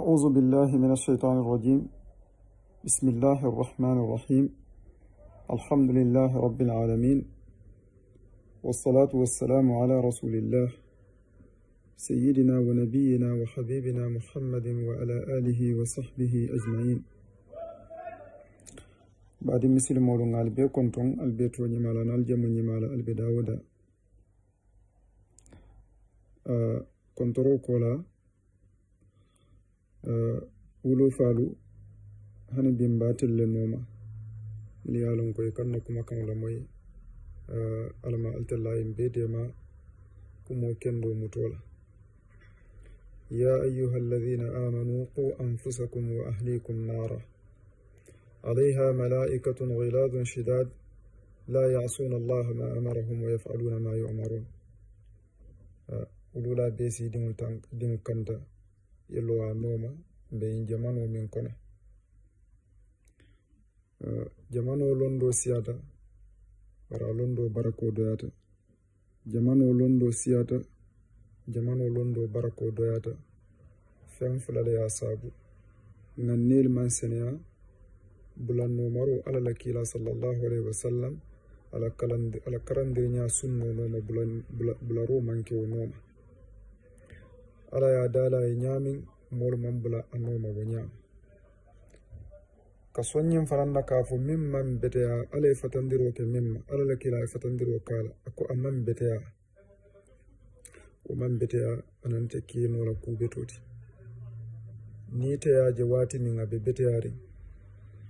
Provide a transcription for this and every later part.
أعوذ بالله من الشيطان الرجيم بسم الله الرحمن الرحيم الحمد لله رب العالمين والصلاة والسلام على رسول الله سيدنا ونبينا وحبيبنا محمد وعلى آله وصحبه أجمعين بعد مثل مولون البيت كنتم البيت ونمالا نالجم ونمالا البي داودا آه كنترو Eh, ulo falu hani bimbatil le noma li alon koy kanna kuma kan la moy euh alama altallah imbedema kumo kendo mutola يا أيها الذين آمنوا قوا أنفسكم وأهليكم نارا عليها ملائكة غلاظ شداد لا يعصون الله ما أمرهم ويفعلون ما يؤمرون أولولا بيسي دمو كندا yelo a nooma mbeyin jamano min kono jamano londo siyata wara londo barako doyata jamano londo siyata jamano londo barako doyata fen fulale ya saabu ngan nel man seneya bulannomaro ala la kila salallahu alayhi wasallam ala karandeña sunno nooma bularo manke o nooma ala ya dala e ñaamin moolu man bula annooma bo ñaam ka soññin fananda ka fo min man beteya ala e fatandiro ke min ma ala la kila e fatandiro kaala a ko a man beteya wo man beteya anante kiinoola kuubetooti niiteyaaje waatinin a be beteyarin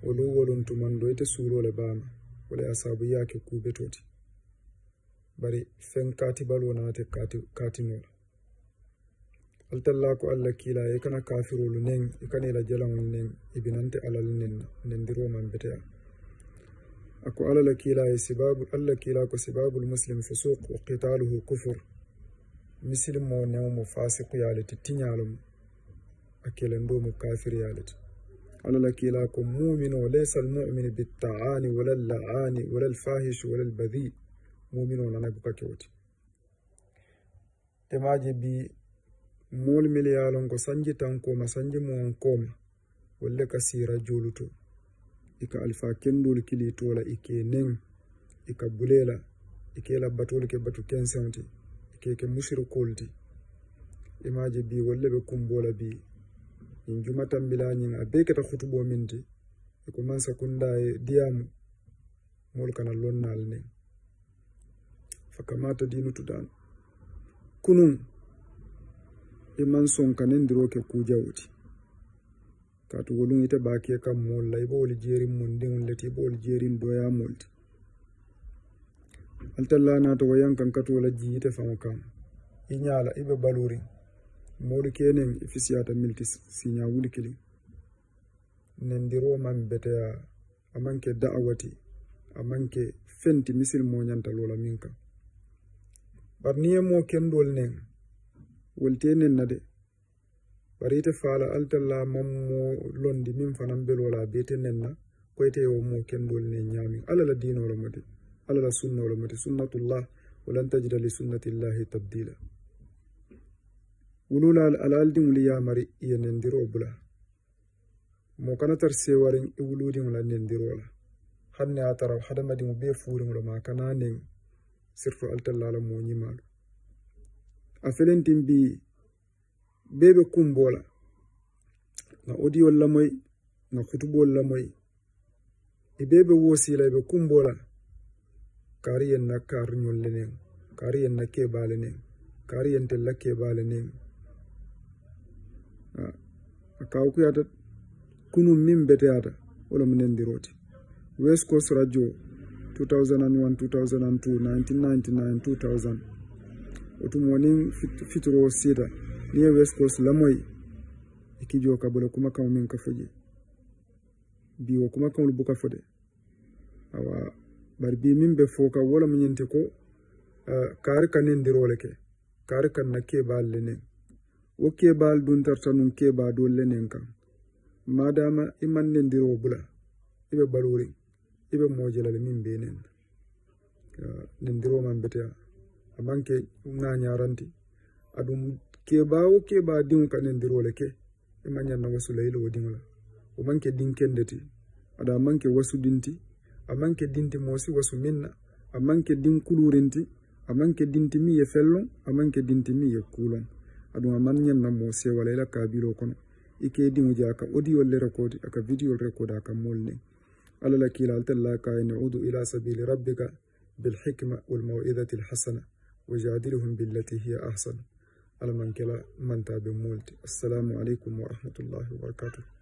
wo lo woluntumando ite suuloole baama wole a saabu yaake kuubetooti bari feŋ kaatibaluwo nanate kaatinoola قلت الله قال لك لا يكن كافر لنين يكن الى جلن لنين ابن انت على لنين نندرو من بتاع اكو على لك لا سباب الله كي لا سباب المسلم فسوق وقتاله كفر مسلم مو نوم فاسق يا لت تنيالم اكل ندوم كافر يا لت على لك لا مؤمن وليس المؤمن بالتعاني ولا اللعاني ولا الفاحش ولا البذيء مؤمن انا بكوتي تماجي بي mol mil ye a loŋ ko sanji tankooma sanji muwaŋ kooma wolle ka siira joolu to i ka alifa kendoolu kilii to la i ke neŋ i ka bulee la i ke la batoolu ke batu kenseŋo ti i ke ke musirikoolu ti i maŋ je bii wolle be kumboo la bii ñiŋ juma tambila ñiŋ a bee keta hutuboo miŋ ti i ko mansa kundaa ye eh, diyaamu moolu kana lonnaalu neŋ fa kamata diinu tudaan kunuŋ iman sonkanen diroke kujawti ita ite bake kan molla iɓowol jerin mundin leti iɓowol jerin doya molti altallanato yankan katola jiyite ita kam i ñala iɓe balori moɗo kenen ifisiya ta milti sinya wuli kilin diro man aman amanke da'awati amanke fenti misil moñanta lola minka bar mo kendol nen woltenennade barite faala altalla mammo londi min fanan belola bete nenna koyteyo e mo kenbol ne ñami alala dinolo mote alala sunnolo mote sunnatullah walan tajida li sunnatillahi tabdila wulula alaaldiŋol yamari ye nendiro bula mo kana tar sewariŋ i e wuludiŋola nendiro la hanne a tara hadamadiŋo be furiŋolo ma kana neŋ surtu altalla la mo ñimalu Ah, a felentin bi bee be kumboo la nga odiyol lamoy nga kutubol lamoy i bee be woosii la i be kumboo la kaari yen na kaariñol le neŋ kaari yen na keebaa le neŋ kaari yen tel la keebaa le neŋ a kaawukuyata kunum miŋ beteyaata wo lemu nendiroo ti west coast radio 2001 2002 1999 2000 otum woni fituro sida ni e wescos lamoyi e kijoo kabola kumakam min ka foƴi biwo kumakamol buka fode awa bar bi min be foka wola muñinte ko kaari kanindirole ke kaari kanna keebal lenen wo keebal duntarta num keeba dow lenen kan madama i mannindiro bula ibe ɓaluri ibe mojelale min benen nindiro man beteya amanke nañaranti aɗum keɓawo keɓa diŋo kane ndirole ke emañannama sulayla wo diŋola o manke dinkendeti aɗa amanke wasudinti amanke dinti moosi wasu minna amanke din kulurinti amanke dinti mi ye fellon amanke dinti mi ye kulon aɗum amañannamo sewalayla kabilo kono ike diŋoje aka audiol le recode aka videol recode aka molne alalakilaltallaka e naudu ila sabili rabbika bilhikma walmawidati lhasana وجادلهم بالتي هي أحسن المنكلة من كلا من تابع مولد السلام عليكم ورحمة الله وبركاته